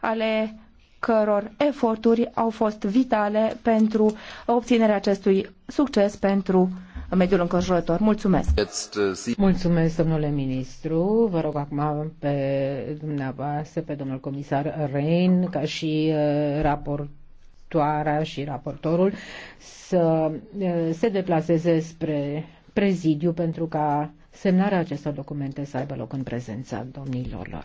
ale căror eforturi au fost vitale pentru obținerea acestui succes pentru mediul înconjurător. Mulțumesc! Mulțumesc, domnule ministru. Vă rog acum pe dumneavoastră, pe domnul comisar Rein, ca și uh, raportoarea și raportorul, să uh, se deplaseze spre prezidiu pentru ca semnarea acestor documente să aibă loc în prezența domnilor lor.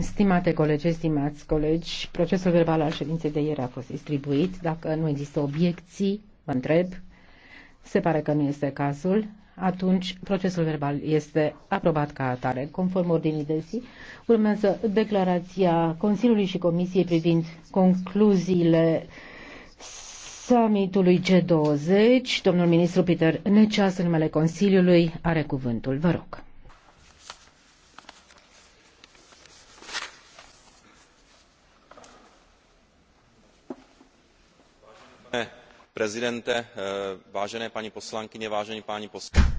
Stimate colegi, stimați colegi, procesul verbal al ședinței de ieri a fost distribuit. Dacă nu există obiecții, vă întreb, se pare că nu este cazul, atunci procesul verbal este aprobat ca atare. Conform ordinii de zi, urmează declarația Consiliului și Comisiei privind concluziile summitului G20. Domnul ministru Peter Neceas, în numele Consiliului, are cuvântul. Vă rog. pane prezidente eh, vážené paní poslankyně vážení páni poslanci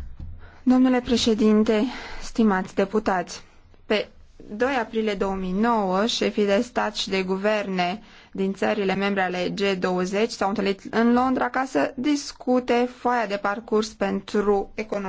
domnule președinte stimați deputați pe 2 aprilie 2009 șefii de stat și de guverne din țările membre ale G20 s-au întâlnit în Londra ca să discute foaia de parcurs pentru economie.